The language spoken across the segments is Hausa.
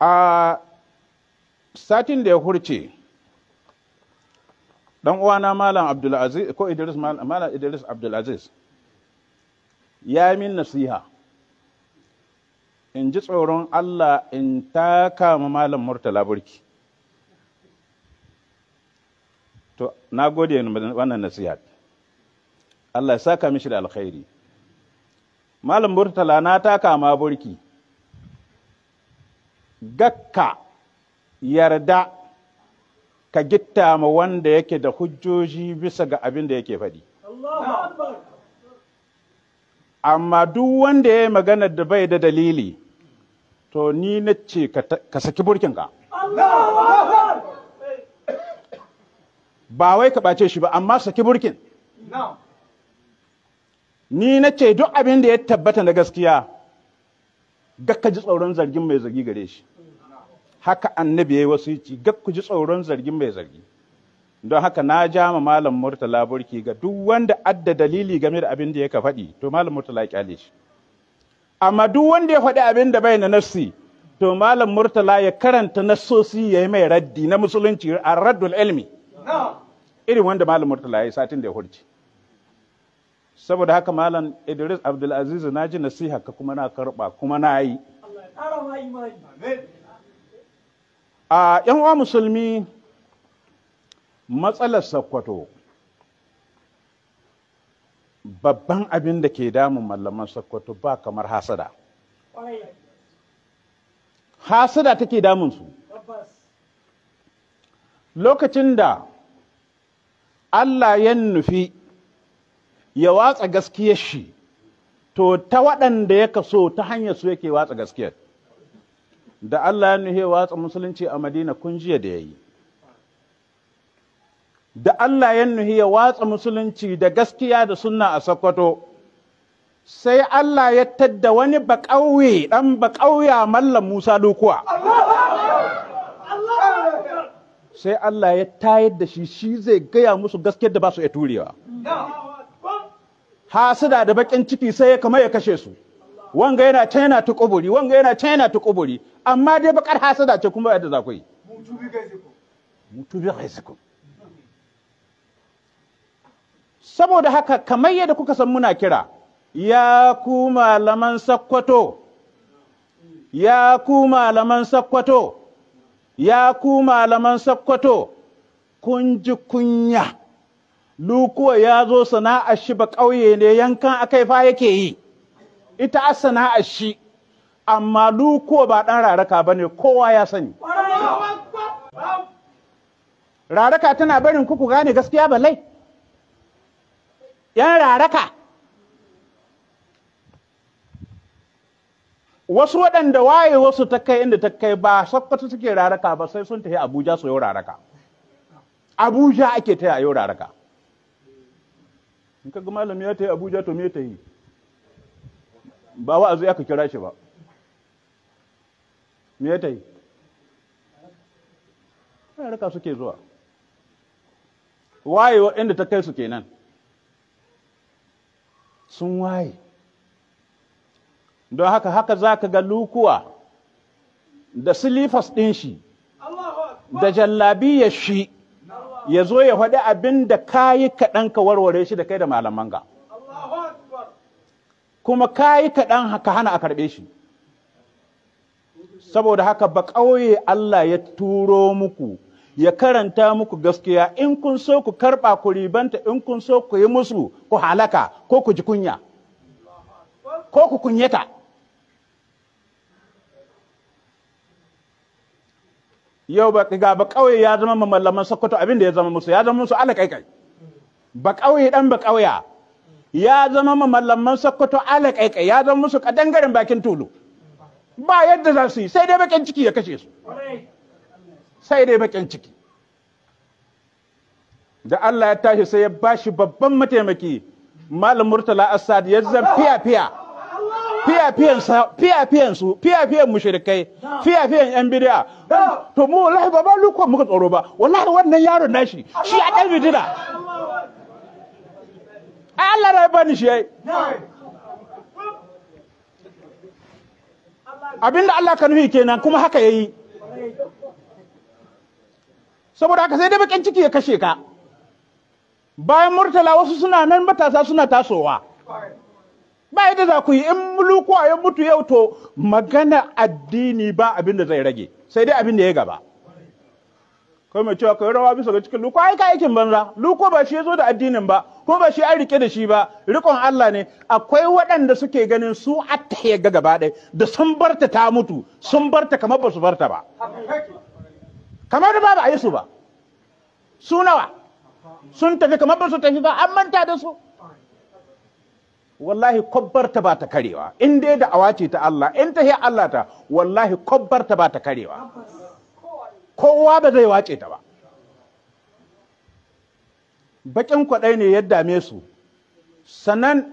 a satin da ya hurce dan uwana malam abdulaziz ko idris malam idris abdulaziz ya min nasiha in ji tsoron allah in taka ma malam murtala burki to na gode wannan nasiha allah ya saka mishi da alkhairi malam murtala na taka ma burki gakka yarda ka gitta ma wanda yake da hujjoji bisa ga abin da yake faɗi. Amma duk wanda ya yi magana da bai da dalili, to ni na ce ka saki burkinka. Ba wai ka ɓace shi ba, amma saki burkin. Ni na ce duk abin da ya tabbata na gaskiya, gakka ji tsoron zargin mai zargi gare shi. haka annabi ya yi wasu wasici ga ku ji tsoron zargin mai zargi don haka na ja ma malam murtala burki ga duk wanda adda dalili game da abin da ya ka faɗi to malam murtala ya kyale shi amma duk wanda ya faɗi abin da bai na nafsi to malam murtala ya karanta nasosi ya yi mai raddi na musulunci a raddul ilmi irin wanda malam murtala ya yi satin da ya hurci saboda haka malam idris abdulaziz na ji nasiha ka kuma na karɓa kuma na yi a yan musulmi matsalar sakkwato babban abin da ke damun mallaman sakkwato ba kamar hasada hasada take su lokacin da Allah ya nufi ya watsa gaskiyar shi to ta waɗanda ya kaso ta hanyar su yake watsa gaskiyar da Allah ya nuhe watsa musulunci a Madina kun jiya da yayi da Allah ya nuhi ya watsa musulunci da gaskiya da sunna a Sokoto sai Allah ya tadda wani baƙauye dan baƙauya mallam Musa lukuwa. sai Allah ya tayar da shi shi zai gaya musu gaskiyar da ba su iya turewa hasida da baƙin ciki sai ya kama ya kashe su wanga yana can yana ta wanga yana yana amma dai bakar hasada ce kuma yadda za ku yi mutu bi saboda haka kamar yadda kuka san muna kira ya ku malaman sakkwato ya ku malaman sakkwato ya ku malaman sakkwato kun ji kunya lukuwa ya zo sana'ar shi ba ƙauye ne yankan akai fa yake yi ita a sana'ar shi amma ko ba ɗan raraka ba ne kowa ya sani raraka tana barin kuku gane gaskiya ba lai yan raraka wasu waɗanda waye wasu ta kai inda ta kai ba sakkwato suke raraka ba sai sun tafi abuja su yau raraka abuja ake taya yau raraka in ka ga malami ya abuja to me ta yi ba wa'azi aka kira shi ba me ta yi rika suke zuwa wayewa inda ta kai su kenan sun waye don haka haka za ka ga lukuwa da silifas ɗin shi da ya shi ya zo ya faɗi abin da ka yi kaɗan ka warware shi da kai da malaman ga kuma ka yi kaɗan ka hana a karɓe shi saboda haka ba ƙauye Allah ya turo muku ya karanta muku gaskiya in kun so ku karɓa ku ribanta in kun so ku yi musu ku halaka ko ku ji kunya ko ku kunyata yau ba ga ba ƙauye ya zama mamallaman sokoto abin da ya zama musu ya zama musu alaƙaiƙai ba ƙauye ɗan ba ƙauya ya zama mamallaman sokoto alaƙaiƙai ya zama musu ƙadangaren bakin tulu ba yadda za su yi sai dai bakin ciki ya kashe su sai dai bakin ciki da Allah ya tashi sai ya bashi babban mataimaki malam murtala assad ya zan fiya fiya fiya su fiya fiyan mushrikai fiya fiyan yan bidiya to mu wallahi ba ba lokon muka tsoro ba wallahi wannan yaron nashi shi a dan bidira Allah rabani shi yayi abinda Allah ka nufi kenan kuma haka yayi saboda haka sai dai bakin ciki ya kashe ka bayan murtala wasu suna nan matasa suna tasowa ba yadda za ku yi in mulukuwa ya mutu yau to magana addini ba abin da zai rage sai dai abin da ya gaba kai mai cewa kai rawa bisa ga cikin luko ai ka aikin banza luko ba shi yazo da addinin ba ko ba shi an rike da shi ba rikon Allah ne akwai waɗanda suke ganin su atta ga gaba ɗaya da sun barta ta mutu sun barta kamar ba su barta ba kamar ba ba a yi su ba su nawa sun tafi kamar ba su tafi ba an manta da su wallahi kwabbarta ba ta karewa in dai da awace ta Allah in ta Allah ta wallahi kwabbarta ba ta karewa kowa ba zai wace ta ba baƙin kwaɗai ne ya dame su sannan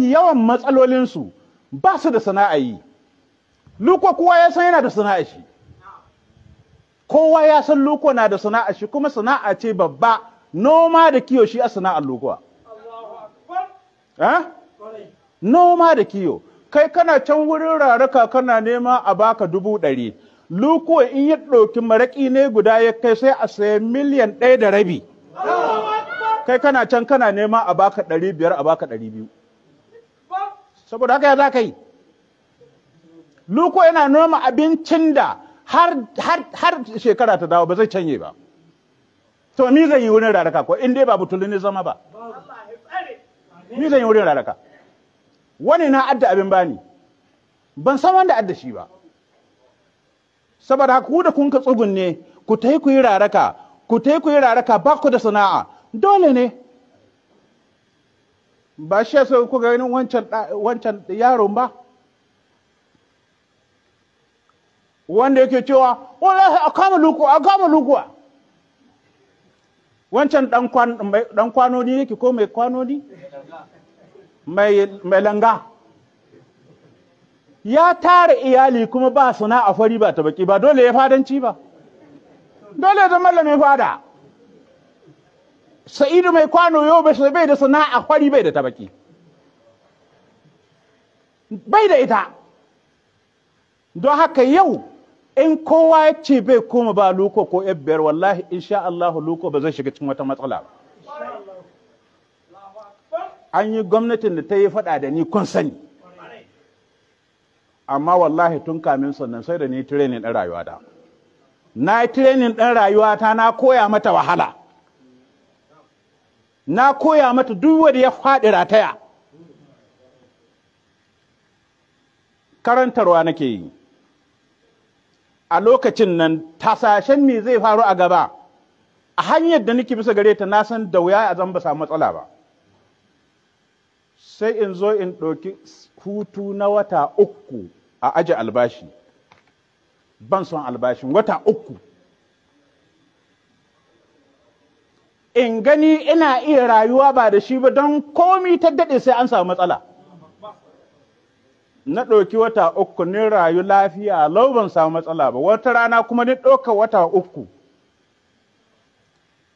yawan matsalolinsu ba su da sana'a yi luko kowa ya san yana da sana'a shi kowa ya san luko na da sana'a shi kuma sana'a ce babba noma da kiyo shi a sana'ar lukowa eh? noma da kiyo kai kana can wurin raraka kana nema a baka dubu ɗari lukuwa in ya ɗauki maraƙi ne guda ya kai sai a sayi miliyan ɗaya da rabi kai kana can kana nema a baka ɗari biyar a baka ɗari biyu saboda haka ya za ka yi lukuwa yana noma abincin da har shekara ta dawo ba zai canye ba to mi zai yi wurin raraka ko in dai ba butulu ne zama ba mi zai yi wurin raraka wani na adda abin bani ban san wanda adda shi ba saboda ku da kun ka tsugunne ku tai ku yi raraka ku tai ku yi raraka ba ku da sana'a dole ne ba shi yasa ku ga wancan wancan yaron ba wanda yake cewa wallahi luku akama luku a dan kwano wancan kwano kwanoni yake ko mai kwanoni mai langa ya tara iyali kuma ba sana'a fari ba ta baki ba dole ya fadanci ba dole zama mai fada sa'idu mai kwano yau bai bai da sana'a fari bai da ta bai da ita don haka yau in kowa ya ce bai koma ba luko ko biyar wallahi in sha Allah luko ba zai shiga cikin wata matsala ba an yi gwamnatin da ta yi faɗa da ni kun sani amma wallahi tun kamin sannan sai da ni training ɗin rayuwa da na yi training ɗin rayuwa ta na koya mata wahala na koya mata duk wanda ya faɗi rataya karantarwa nake yi a lokacin nan tasashen ne zai faru a gaba a hanyar da nake bisa gare ta na san da wuya a zan ba matsala ba sai in zo in ɗauki hutu na wata uku a aje albashi ban son albashin wata uku in gani ina iya rayuwa ba da shi ba don komi ta daɗe sai an samu matsala na ɗauki wata uku ni rayu lafiya lau ban samu matsala ba wata rana kuma ni ɗauka wata uku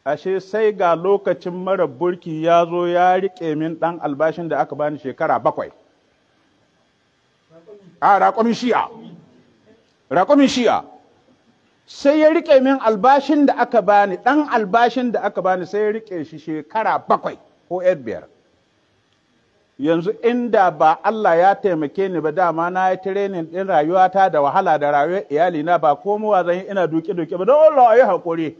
ashe sai ga lokacin mara burki ya zo ya riƙe min ɗan albashin da aka bani shekara bakwai a raƙomin shi'a raƙomin shi'a sai ya riƙe min albashin da aka bani ɗan albashin da aka bani sai ya riƙe shi shekara bakwai ko yar biyar yanzu inda ba Allah ya taimake ni ba dama na yi tirenin ɗin rayuwata da wahala da rayuwar iyalina ba komowa zan yi ina duke-duke ba don Allah ya haƙuri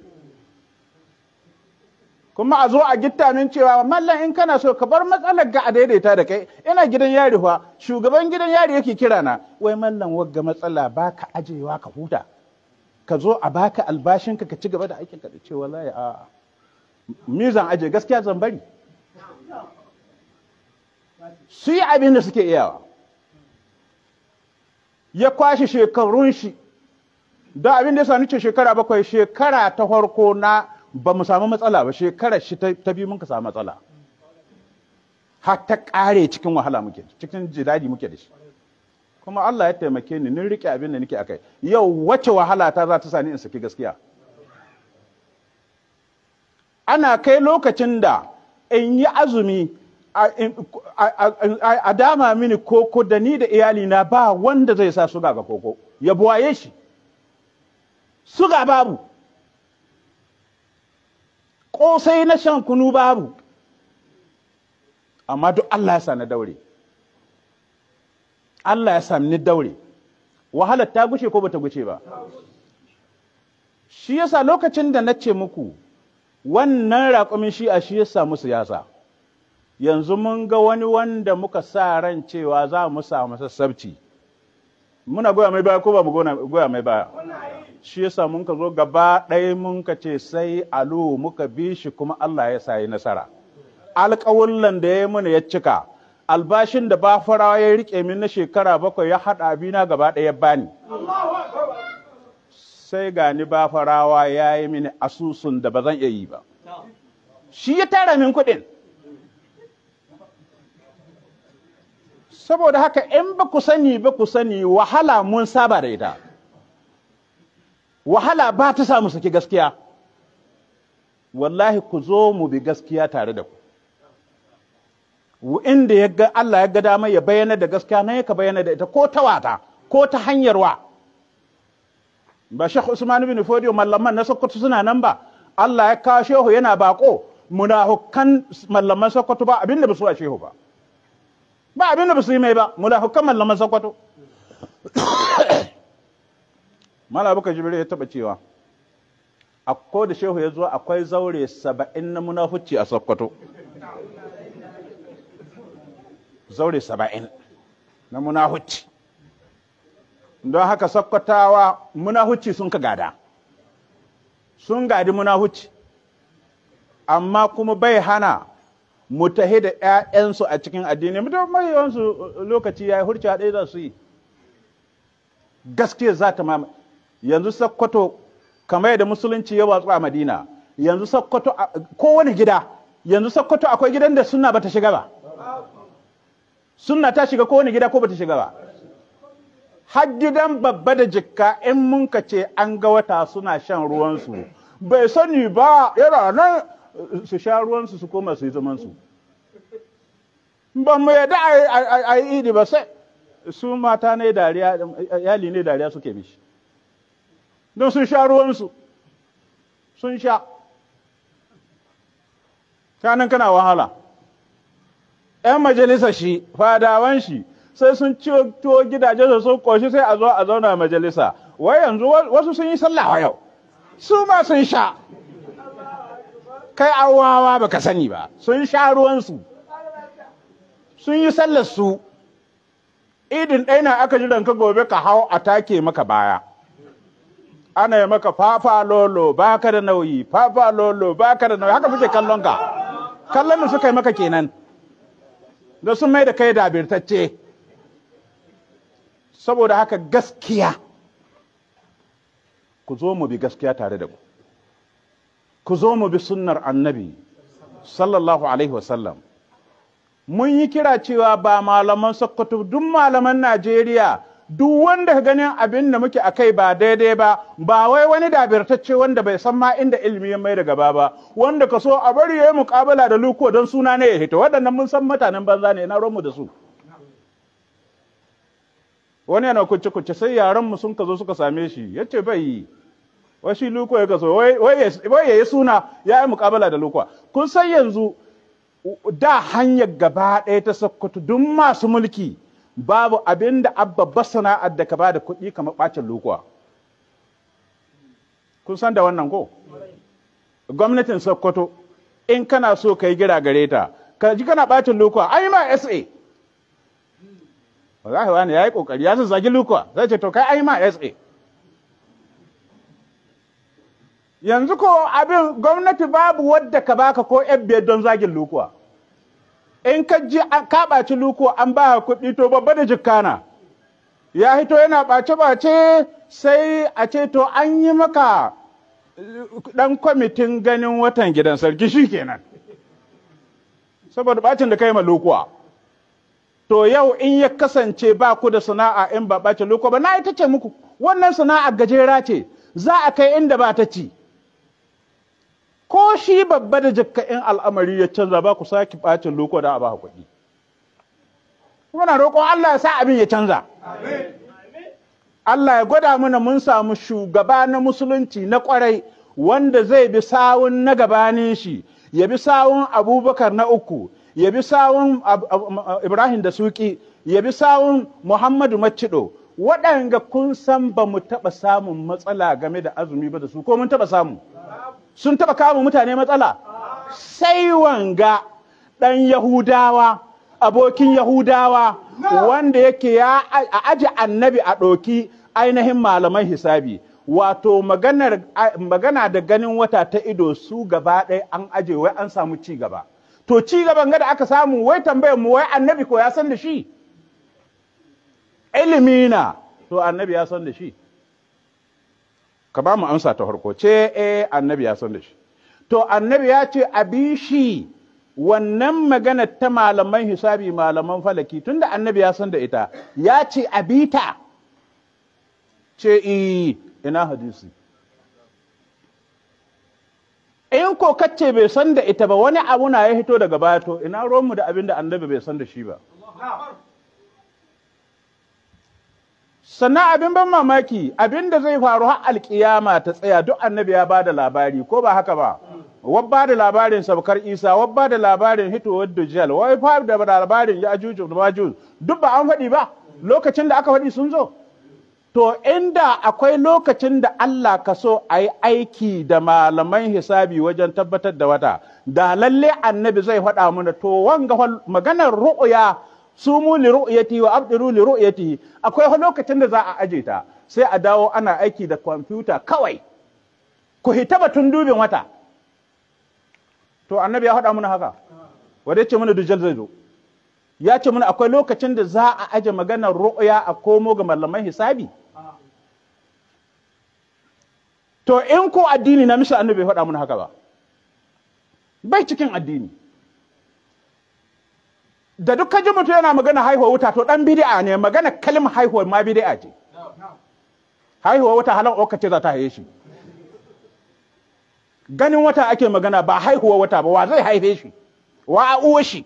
kuma a zo a gitta min cewa mallan in kana so ka bar matsalar ga a daidaita da kai ina gidan yari fa shugaban gidan yari yake kira na wai mallan wagga matsala baka ajewa ka huta ka zo a baka albashinka ka ci gaba da aikin ka da ce wallahi a mizan aje gaskiya zan bari su yi abin da suke iyawa ya kwashe shekarun shi da abin da ya sani ce shekara bakwai shekara ta farko na ba mu samu matsala ba shekarar shi ta biyu mun ka samu matsala har ta ƙare cikin wahala muke cikin jidadi muke da shi kuma Allah ya taimake ni nin riƙe abin da nake akai yau wace wahala ta za ta sani in saki gaskiya ana kai lokacin da in yi azumi a dama mini koko da ni da iyali na ba wanda zai sa suga ga koko ya buwaye shi suga babu kosai na shan kunu babu amma duk Allah ya sa daure Allah ya sa ni daure wahalar ta gushe ko bata gushe ba shi yasa lokacin da na ce muku wannan raƙumin a shi ya samu siyasa yanzu mun ga wani wanda muka sa ran cewa za mu samu sassabci muna goya mai baya ko ba mu goya mai baya shi yasa mun ka zo gaba ɗaya mun ka ce sai alu muka bi shi kuma Allah ya sayi nasara alƙawullan da ya yi mana ya cika albashin da ba farawa ya riƙe min na shekara bakwai ya haɗa bina gaba ɗaya bani sai gani ba farawa ya yi mini asusun da ba zan iya yi ba shi ya tara min kuɗin saboda haka in ba ku sani ba ku sani wahala mun saba da ita wahala ba ta samu saki gaskiya wallahi ku zo mu bi gaskiya tare da ku inda ya ga Allah ya ga dama ya bayyana da gaskiya na yaka bayyana da ita ko ta wata ko ta hanyar wa ba Sheikh Usman bin Fodio mallaman na Sokoto suna nan ba Allah ya kawo shehu yana bako munahukan mallaman Sokoto ba abinda ba su a shehu ba ba abinda ba su yi mai ba munahukan mallaman Sokoto mala baka jibril ya taba cewa a ko da shehu ya zo akwai zaure saba'in na munafuci a sokoto zaure saba'in na munafuci don haka sokotawa munafuci sun ka gada sun gadi munafuci amma kuma bai hana mu tahi da 'ya'yansu a cikin addini mu mai yawansu lokaci ya yi hurci ɗaya za su yi gaske za ta mamaye yanzu sakkwato kamar yadda musulunci ya watsu a madina yanzu sakkwato kowane gida yanzu sakkwato akwai gidan da sunna bata shiga ba sunna ta shiga kowane gida ko bata shiga ba har gidan babba da jikka in mun ka ce an ga wata suna shan ruwansu bai sani ba yana nan su sha ruwansu su koma su yi zamansu ba mu yadda a yi idi ba sai su mata ne dariya yali ne dariya suke mishi don sun sha ruwansu sun sha kanan kana wahala ‘yan majalisa shi fadawan shi sai sun ciwo gidaje su sun koshi sai a zo a zauna majalisa wai yanzu wasu sun yi sallah yau su ma sun sha kai awawa baka sani ba sun sha ruwansu sun yi sallar su idin ɗaya aka jiran ka gobe ka hau a take maka baya ana yi maka fafa lolo ba ka da nauyi fafa lolo ba ka da nauyi haka suke kallon ka kallon da suka yi maka kenan da sun mai da kai dabirtacce saboda haka gaskiya ku zo mu bi gaskiya tare da ku ku zo mu bi sunnar annabi sallallahu alaihi wasallam mun yi kira cewa ba malaman sokoto duk malaman najeriya duk wanda ganin abin da muke akai ba daidai ba ba wai wani dabirtacce wanda bai san ma inda ilimi ya mai da gaba ba wanda ka so a bari yayi muƙabala da luko don suna ne ya hita waɗannan mun san mutanen banza ne na mu da su wani yana kuce kuce sai yaran mu sun ka zo suka same shi yace bai yi Washi luko ya kaso wai ya yi suna ya yi mukabala da luko kun san yanzu da hanyar gaba ɗaya ta sakkwato duk masu mulki babu abin da abba sana'ar da ka ba da kuɗi kamar ɓacin lokuwa kun san da wannan ko gwamnatin sokoto in kana so ka yi gira gare ta ka ji kana ɓacin lokuwa ai ma sa wallahi wani ya yi ƙoƙari ya zagi lokuwa zai ce to kai ai ma sa yanzu ko abin gwamnati babu wadda ka baka ko yan biyar don zagin lokuwa in ka ji ka ɓaci luko an ba kuɗi to babba da jikkana ya hito yana ɓace-ɓace sai a ce to an yi maka uh, ɗan kwamitin ganin watan gidan sarki shi kenan saboda ɓacin da kai ma lukuwa to yau in ya kasance ba ku da sana'a in ba ɓace lukuwa ba na ita ce muku wannan sana'a gajera ce za a kai inda ba ta ci ko shi babba da jikka in al'amari ya canza ba ku sake bacin loko da a ba kuɗi muna roƙo Allah ya sa abin ya canza Allah ya gwada mana mun samu shugaba na musulunci na ƙwarai wanda zai bi sawun na gabanin shi ya bi sawun abubakar na uku ya bi sawun ibrahim da suki ya bi sawun muhammadu maciɗo. waɗanga kun san ba mu taɓa samun matsala game da azumi ba da su ko mun taɓa samu sun taɓa kama mutane matsala sai wanga ɗan yahudawa abokin yahudawa wanda yake ya a aji annabi a ɗoki ainihin malaman hisabi wato magana da ganin wata ta ido su gaba ɗaya an aje wai an samu ci gaba to ci gaban ga da aka samu wai tambayar mu wai annabi ko ya san da shi Ilimina, to annabi ya san da shi ka ba mu amsa ta harko. ce eh annabi ya san da shi to annabi ya ce a shi wannan magana ta malaman hisabi malaman falaki tunda annabi ya san da ita ya ce a ce eh ina hadisi in ko kace bai san da ita ba wani abu na ya hito daga baya to ina romu da abin da annabi bai san da shi ba sannan abin ban mamaki abin da zai faru har alkiyama ta tsaya duk annabi ya bada labari ko ba haka ba ba da labarin sabkar isa ba da labarin hitowar dujjal wai fa da labarin ya ajuju da majuj duk ba an faɗi ba lokacin da aka faɗi sun zo to inda akwai lokacin da Allah ka so a aiki da malaman hisabi wajen tabbatar da wata da lalle annabi zai faɗa mana to wanga maganar ru'uya sumu li ru'yati wa abdiru li ru'yati akwai lokacin da za a aje ta sai a dawo ana aiki da kwamfuta kawai ku hita batun dubin wata to annabi ya faɗa mana haka wanda ya ce mana dujjal zai zo ya ce mana akwai lokacin da za a aje maganar ru'ya a komo ga malaman hisabi to in ko addini na mishi annabi ya faɗa mana haka ba bai cikin addini da duk kaji mutu yana magana haihuwa wuta to dan bid'a ne magana kalmar haihuwa ma bid'a ce haihuwa wata halan oka ce za ta haye shi ganin wata ake magana ba haihuwa wata ba wa zai haife shi wa a uwa shi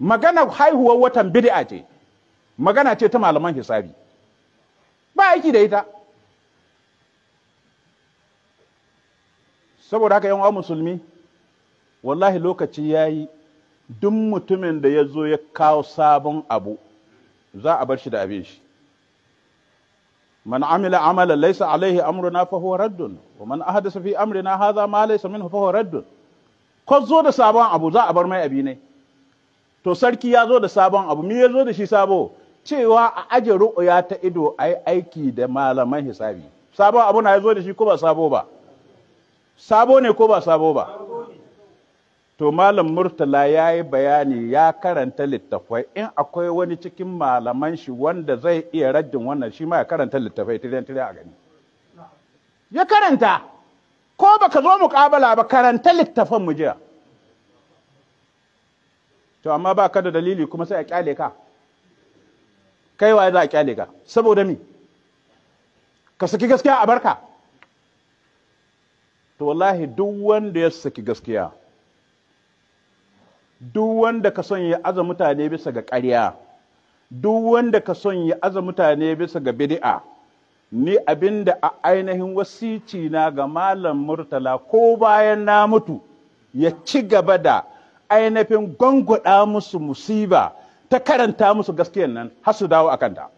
magana haihuwar watan bidi'a ce magana ce ta malaman hisabi ba aiki da ita saboda haka yan uwa musulmi wallahi lokaci yayi duk mutumin da ya zo ya kawo sabon abu za a bar shi da abin shi man amila amala laysa alaihi amruna fa huwa raddun wa man ahdasa fi amrina hadha ma laysa minhu fa huwa raddun ko zo da sabon abu za a bar mai abi ne to sarki ya zo da sabon abu me ya zo da shi sabo cewa a aje ru'uya ta ido ai aiki da malaman hisabi sabon abu na ya zo da shi ko ba sabo ba sabo ne ko ba sabo ba to malam murtala ya yi bayani ya karanta littafai in akwai wani cikin malaman shi wanda zai iya rajin wannan shi ma ya karanta littafai tiren tiren a gani ya karanta ko baka zo muƙabala ba karanta littafan mu jiya to amma ba ka da dalili kuma sai a kyale ka kai waye za a kyale ka saboda mi ka saki gaskiya a barka to wallahi duk wanda ya saki gaskiya duk wanda ka son ya aza mutane bisa ga ƙarya duk wanda ka son ya aza mutane bisa ga bid'a ni abinda a ainihin wasici na ga malam murtala ko bayan na mutu ya ci gaba da ainihin gwangwada musu musiba ta karanta musu gaskiyan nan har su dawo a kanta.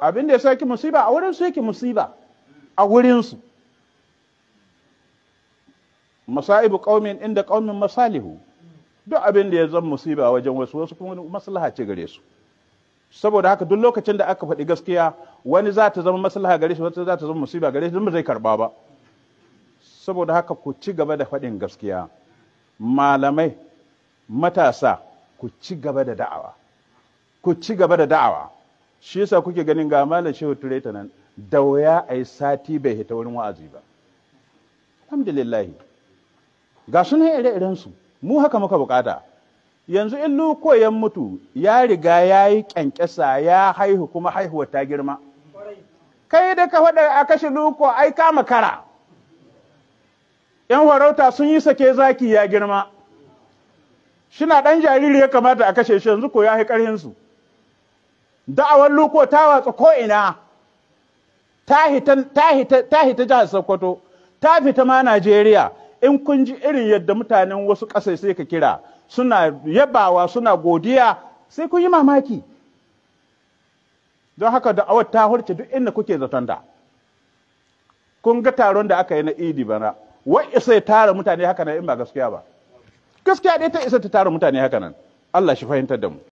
abin da ya saki musiba a wurin su yake musiba a wurinsu. masaibu qaumin inda qaumin masalihu duk abin da ya zama musiba wajen wasu wasu kuma maslaha ce gare su saboda haka duk lokacin da aka faɗi gaskiya wani za ta zama maslaha gare shi wata za ta zama musiba gare shi ba zai karba ba saboda haka ku ci gaba da faɗin gaskiya malamai matasa ku ci gaba da da'awa ku ci gaba da da'awa shi yasa kuke ganin ga malam shehu turaita nan da wuya a yi sati bai hita wurin wa'azi ba alhamdulillah ga sunan ire-irensu mu haka muka bukata yanzu in lukoyan mutu ya riga ya yi kyankyasa ya haihu kuma haihuwa ta girma kai da ka faɗa a kashe luko ai kama kara yan warauta sun yi sake zaki ya girma shina ɗan jariri ya kamata a kashe shi yanzu ko ya yi ƙarhinsu da'awar luko ta watsa ko'ina ta hita jihar sokoto ta fita ma najeriya in kun ji irin yadda mutanen wasu ƙasai sai ka kira suna yabawa suna godiya sai kun yi mamaki don haka da'awar ta hurce duk inda kuke zaton da kun ga taron da aka yi na idi bana wai isa ya tara mutane haka nan in ba gaskiya ba gaskiya dai ta isa ta tara mutane haka nan Allah shi fahimtar da mu